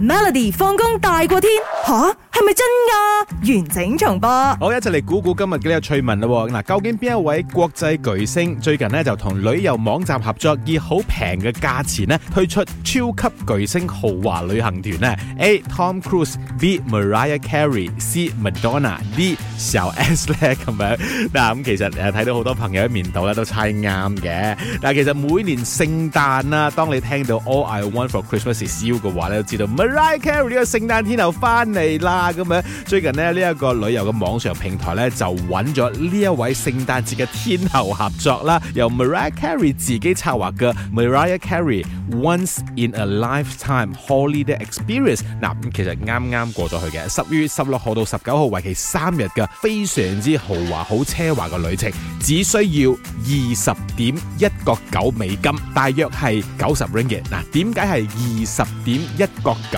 Melody 放工大過天吓，係咪真噶？完整重播，我一齊嚟估估今日幾有趣聞啦。嗱，究竟邊一位國際巨星最近呢，就同旅遊網站合作以很便宜的，以好平嘅價錢咧推出超級巨星豪華旅行團呢？A. Tom Cruise，B. Mariah Carey，C. Madonna，D. 小 S 咧，咁樣。嗱，咁其實誒睇到好多朋友喺面度咧都猜啱嘅。但其實每年聖誕啦，當你聽到 All I Want for Christmas is You 嘅話咧，都知道。Mariah Carey 呢個聖誕天后翻嚟啦，咁樣最近呢，呢、呢、一個旅遊嘅網上平台咧就揾咗呢一位聖誕節嘅天后合作啦，由 Mariah Carey 自己策劃嘅 Mariah Carey Once in a Lifetime Holiday Experience，嗱，咁其實啱啱過咗去嘅，十月十六號到十九號為期三日嘅非常之豪華好奢華嘅旅程，只需要二十點一個九美金，大約係九十 ringgit，嗱，點解係二十點一個九？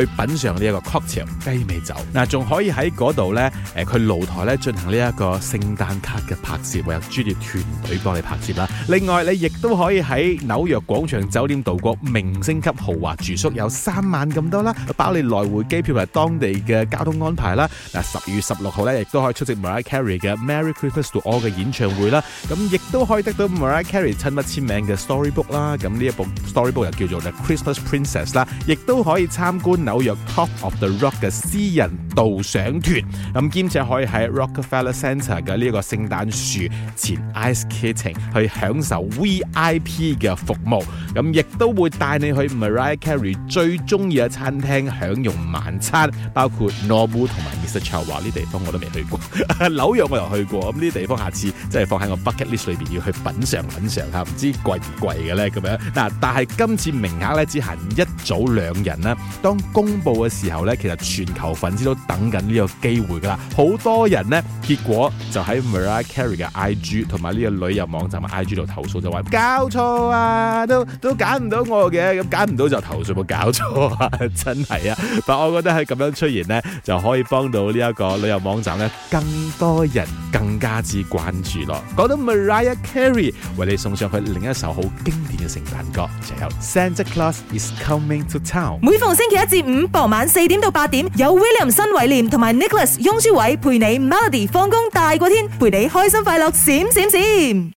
去品嚐呢一個 cocktail，雞尾酒，嗱，仲可以喺嗰度咧，誒佢露台咧進行呢一個聖誕卡嘅拍攝，會有專業團隊幫你拍攝啦。另外你亦都可以喺紐約廣場酒店度過明星級豪華住宿，有三晚咁多啦，包你來回機票同埋當地嘅交通安排啦。嗱，十二月十六號咧，亦都可以出席 Mariah Carey 嘅《Merry Christmas to All》嘅演唱會啦，咁亦都可以得到 Mariah Carey 親筆簽名嘅 Storybook 啦，咁呢一部 Storybook 又叫做《The Christmas Princess》啦，亦都可以參觀。紐約 Top of the Rock 嘅私人導賞團，咁、啊、兼且可以喺 Rockefeller Center 嘅呢個個聖誕樹前 Ice Skating 去享受 VIP 嘅服務，咁、啊、亦都會帶你去 Mariah Carey 最中意嘅餐廳享用晚餐，包括 Norwood 同埋 Mr Chow 啊呢地方我都未去過，紐約我又去過，咁呢啲地方下次即係放喺我 bucket list 裏面，要去品嚐品嚐，嚇，唔知貴唔貴嘅呢。咁樣。嗱、啊，但係今次名額咧只限一組兩人啦，當公布嘅時候呢，其實全球粉絲都等緊呢個機會㗎喇，好多人呢。結果就喺 Mariah Carey 嘅 IG 同埋呢個旅遊網站嘅 IG 度投訴，就話搞錯啊，都都揀唔到我嘅，咁揀唔到就投訴冇搞錯啊，真係啊！但我覺得喺咁樣出現呢，就可以幫到呢一個旅遊網站咧，更多人更加之關注咯。講到 Mariah Carey，為你送上佢另一首好經典嘅聖誕歌，就由 Santa Claus is coming to town。每逢星期一至五傍晚四點到八點，有 William 新偉廉同埋 Nicholas 雍舒偉陪你 Melody。Mel ody, 放工大過天，陪你開心快樂閃閃閃。